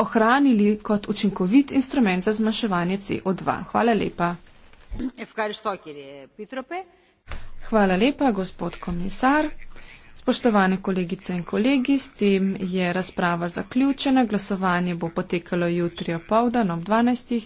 ohranili kot učinkovit instrument za zmanjševanje CO2. Hvala lepa. Hvala lepa, gospod komisar. Spoštovane kolegice in kolegi, s tem je razprava zaključena. Glasovanje bo potekalo jutri o povdan ob 12.